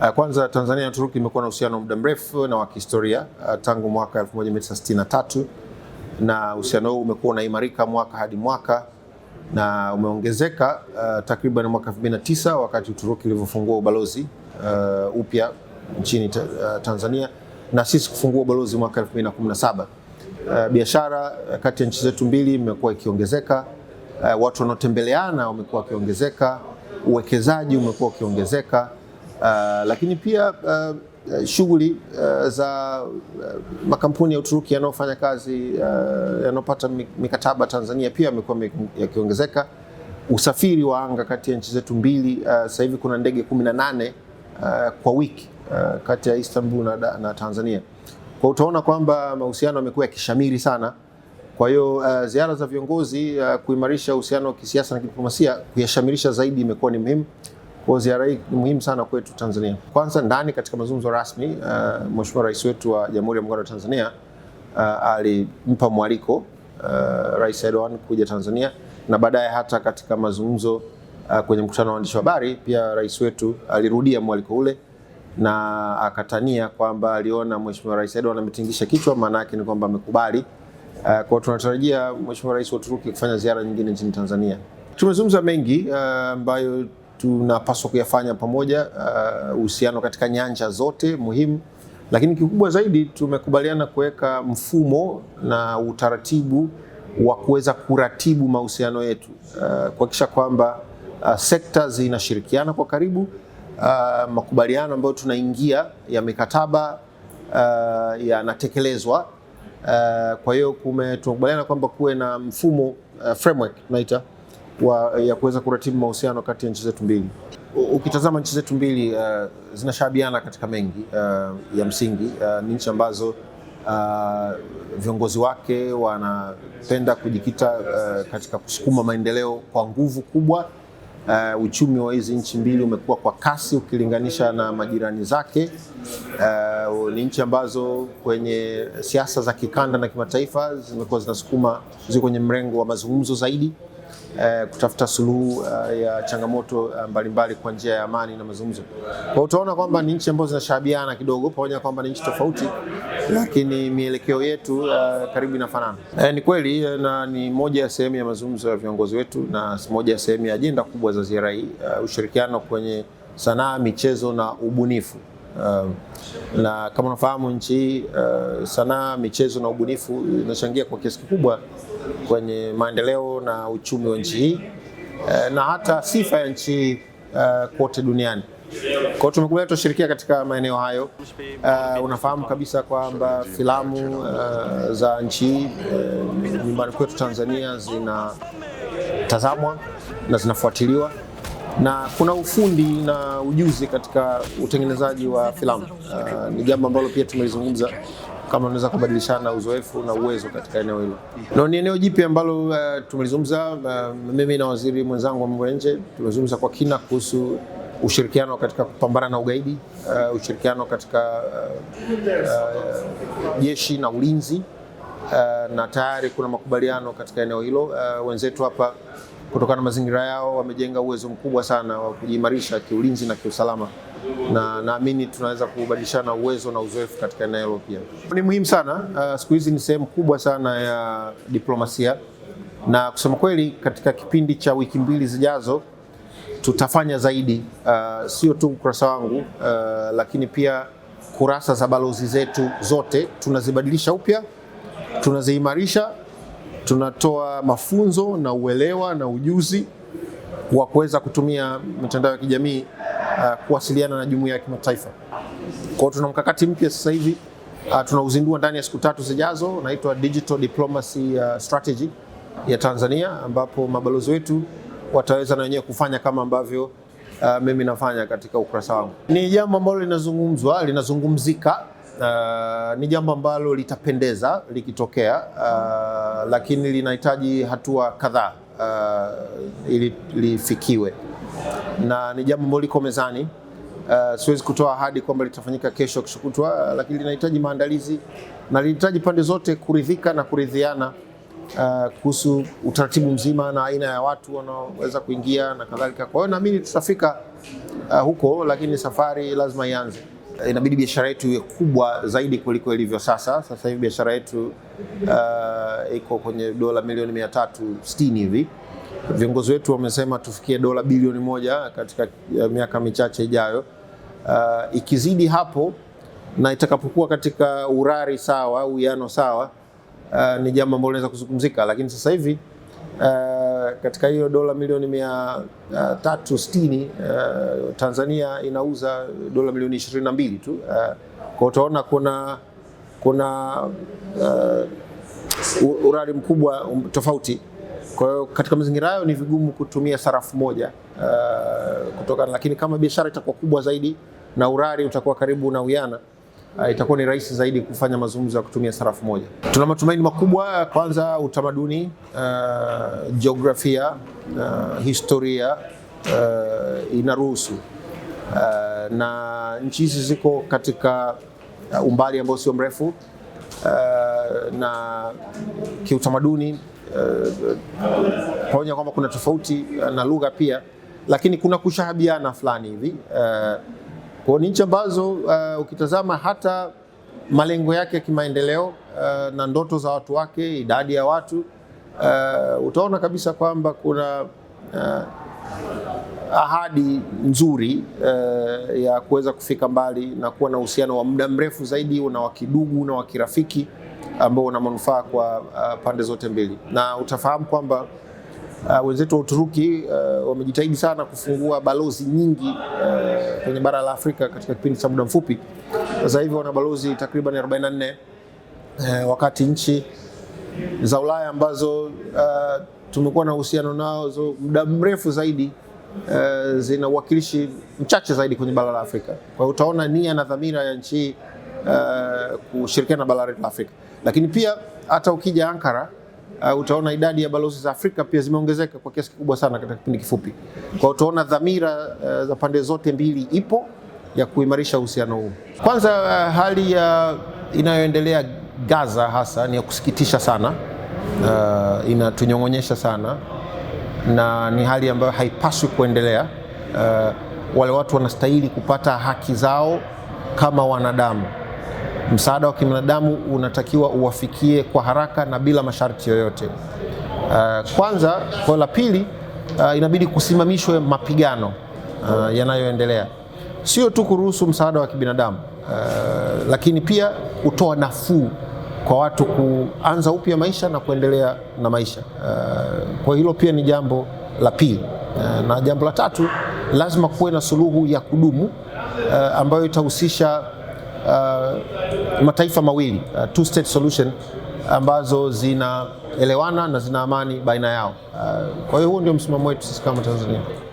Uh, kwanza Tanzania na Uturuki imekuwa na uhusiano wa muda mrefu na wa kihistoria uh, tangu mwaka 1963 na uhusiano huu umekuwa unaimarika mwaka hadi mwaka na umeongezeka uh, takriban mwaka 2009 wakati Uturuki ilivyofungua ubalozi uh, upya nchini uh, Tanzania na sisi kufungua ubalozi mwaka 2017. Uh, biashara uh, kati ya nchi zetu mbili imekuwa ikiongezeka. Uh, watu wanaotembeleana wamekuwa wakiongezeka, uwekezaji umekuwa ukiongezeka Uh, lakini pia uh, uh, shughuli uh, za uh, makampuni ya Uturuki yanayofanya kazi uh, yanayopata mikataba Tanzania pia yamekuwa yakiongezeka. Usafiri wa anga kati ya nchi zetu mbili uh, sasa hivi kuna ndege 18 uh, kwa wiki uh, kati ya Istanbul na, na Tanzania. Kwa utaona kwamba mahusiano yamekuwa yakishamiri sana. Kwa hiyo uh, ziara za viongozi uh, kuimarisha uhusiano wa kisiasa na kidiplomasia, kuyashamirisha zaidi imekuwa ni muhimu. Kwa ziara hii ni muhimu sana kwetu Tanzania. Kwanza ndani katika mazungumzo rasmi uh, Mheshimiwa Rais wetu wa Jamhuri ya Muungano wa Tanzania uh, alimpa mwaliko uh, Rais Erdogan kuja Tanzania na baadaye hata katika mazungumzo uh, kwenye mkutano wa waandishi wa habari pia rais wetu alirudia mwaliko ule na akatania kwamba aliona Mheshimiwa Rais Erdogan ametingisha kichwa, maana yake ni kwamba amekubali. Uh, kwa tunatarajia Mheshimiwa Rais wa Uturuki kufanya ziara nyingine nchini Tanzania. Tumezungumza mengi uh, ambayo uh, tunapaswa kuyafanya pamoja, uh, uhusiano uh, katika nyanja zote muhimu, lakini kikubwa zaidi tumekubaliana kuweka mfumo na utaratibu wa kuweza kuratibu mahusiano yetu uh, kuhakikisha kwamba uh, sekta zinashirikiana kwa karibu. Uh, makubaliano ambayo tunaingia ya mikataba uh, yanatekelezwa. Uh, kwa hiyo tumekubaliana kwamba kuwe na mfumo uh, framework tunaita wa, ya kuweza kuratibu mahusiano kati ya nchi zetu mbili. Ukitazama nchi zetu mbili uh, zinashabiana katika mengi uh, ya msingi uh, ni nchi ambazo Uh, viongozi wake wanapenda kujikita uh, katika kusukuma maendeleo kwa nguvu kubwa. Uh, uchumi wa hizi nchi mbili umekuwa kwa kasi ukilinganisha na majirani zake. Uh, ni nchi ambazo kwenye siasa za kikanda na kimataifa zimekuwa zinasukuma, ziko kwenye mrengo wa mazungumzo zaidi eh, kutafuta suluhu eh, ya changamoto eh, mbalimbali kwa njia ya amani na mazungumzo. Kwa utaona kwamba ni nchi ambazo zinashabiana kidogo, pamoja na kwamba ni nchi tofauti, lakini mielekeo yetu eh, karibu inafanana. Eh, ni kweli eh, na ni moja ya sehemu ya mazungumzo ya viongozi wetu na moja ya sehemu ya ajenda kubwa za ziara hii, eh, ushirikiano kwenye sanaa, michezo na ubunifu. Um, na kama unafahamu nchi hii uh, sanaa, michezo na ubunifu inachangia kwa kiasi kikubwa kwenye maendeleo na uchumi wa nchi hii uh, na hata sifa ya nchi hii uh, kote duniani. Kwa hiyo tumekubalia tutashirikia katika maeneo hayo. Uh, unafahamu kabisa kwamba filamu uh, za nchi hii uh, nyumbani kwetu Tanzania zinatazamwa na zinafuatiliwa na kuna ufundi na ujuzi katika utengenezaji wa filamu. Uh, ni jambo ambalo pia tumelizungumza kama unaweza kubadilishana uzoefu na uwezo katika eneo hilo, na ni eneo jipya ambalo uh, tumelizungumza uh, mimi na waziri mwenzangu wa mambo ya nje tumezungumza kwa kina kuhusu ushirikiano katika kupambana na ugaidi, uh, ushirikiano katika uh, uh, jeshi na ulinzi. Uh, na tayari kuna makubaliano katika eneo hilo. Uh, wenzetu hapa kutokana na mazingira yao wamejenga uwezo mkubwa sana wa kujiimarisha kiulinzi na kiusalama, na naamini tunaweza kubadilishana uwezo na uzoefu katika eneo hilo. Pia ni muhimu sana uh, siku hizi ni sehemu kubwa sana ya diplomasia, na kusema kweli, katika kipindi cha wiki mbili zijazo tutafanya zaidi, uh, sio tu ukurasa wangu uh, lakini pia kurasa za balozi zetu zote tunazibadilisha upya, tunaziimarisha tunatoa mafunzo na uelewa na ujuzi wa kuweza kutumia mitandao ya kijamii uh, kuwasiliana na jumuiya ya kimataifa. Kwa hiyo tuna mkakati mpya sasa hivi uh, tunauzindua ndani ya siku tatu zijazo, unaitwa Digital Diplomacy uh, Strategy ya Tanzania, ambapo mabalozi wetu wataweza na wenyewe kufanya kama ambavyo uh, mimi nafanya katika ukurasa wangu. Ni jambo ambalo linazungumzwa linazungumzika Uh, ni jambo ambalo litapendeza likitokea, uh, lakini linahitaji hatua kadhaa uh, ili lifikiwe, na ni jambo ambalo liko mezani. Uh, siwezi kutoa ahadi kwamba litafanyika kesho kesho kutwa, uh, lakini linahitaji maandalizi na linahitaji pande zote kuridhika na kuridhiana uh, kuhusu utaratibu mzima na aina ya watu wanaoweza kuingia na kadhalika. Kwa hiyo naamini tutafika uh, huko, lakini safari lazima ianze. Eh, inabidi biashara yetu iwe kubwa zaidi kuliko ilivyo sasa. Sasa hivi biashara yetu uh, iko kwenye dola milioni mia tatu sitini hivi. Viongozi wetu wamesema tufikie dola bilioni moja katika eh, miaka michache ijayo. Uh, ikizidi hapo na itakapokuwa katika urari sawa, uwiano sawa, uh, ni jambo ambalo linaweza kuzungumzika, lakini sasa hivi Uh, katika hiyo dola milioni mia uh, tatu sitini uh, Tanzania inauza dola milioni ishirini na mbili tu uh, kwa utaona kuna, kuna uh, urari mkubwa um, tofauti. Kwa hiyo katika mazingira hayo ni vigumu kutumia sarafu moja uh, kutokana, lakini kama biashara itakuwa kubwa zaidi na urari utakuwa karibu na uyana uh, itakuwa ni rahisi zaidi kufanya mazungumzo ya kutumia sarafu moja. Tuna matumaini makubwa, kwanza utamaduni, uh, jiografia, uh, historia uh, inaruhusu uh, na nchi hizi ziko katika umbali ambao sio mrefu uh, na kiutamaduni uh, pamoja kwamba kuna tofauti uh, na lugha pia, lakini kuna kushahabiana fulani hivi uh, kwa ni nchi ambazo uh, ukitazama hata malengo yake ya kimaendeleo uh, na ndoto za watu wake, idadi ya watu uh, utaona kabisa kwamba kuna uh, ahadi nzuri uh, ya kuweza kufika mbali na kuwa na uhusiano wa muda mrefu zaidi na wa kidugu na wa kirafiki ambao una manufaa kwa uh, pande zote mbili, na utafahamu kwamba uh, wenzetu wa Uturuki uh, wamejitahidi sana kufungua balozi nyingi uh, kwenye bara la Afrika katika kipindi cha muda mfupi. Sasa hivi wana balozi takriban 44 uh, wakati nchi za Ulaya ambazo uh, tumekuwa na uhusiano nazo muda mrefu zaidi uh, zina uwakilishi mchache zaidi kwenye bara la Afrika. Kwa hiyo utaona nia na dhamira ya nchi hii uh, kushirikiana na bara la Afrika, lakini pia hata ukija Ankara uh, utaona idadi ya balozi za Afrika pia zimeongezeka kwa kiasi kikubwa sana katika kipindi kifupi. Kwa hiyo utaona dhamira uh, za pande zote mbili ipo ya kuimarisha uhusiano huu. Kwanza uh, hali ya uh, inayoendelea Gaza hasa ni ya kusikitisha sana uh, inatunyong'onyesha sana na ni hali ambayo haipaswi kuendelea. Uh, wale watu wanastahili kupata haki zao kama wanadamu. Msaada wa kibinadamu unatakiwa uwafikie kwa haraka na bila masharti yoyote. Uh, kwanza kwa la pili, uh, inabidi kusimamishwe mapigano uh, yanayoendelea, sio tu kuruhusu msaada wa kibinadamu uh, lakini pia kutoa nafuu kwa watu kuanza upya maisha na kuendelea na maisha uh, kwa hilo pia ni jambo la pili uh, na jambo la tatu, lazima kuwe na suluhu ya kudumu uh, ambayo itahusisha uh, mataifa mawili uh, two state solution ambazo zinaelewana na zina amani baina yao. Uh, kwa hiyo huo ndio msimamo wetu sisi kama Tanzania.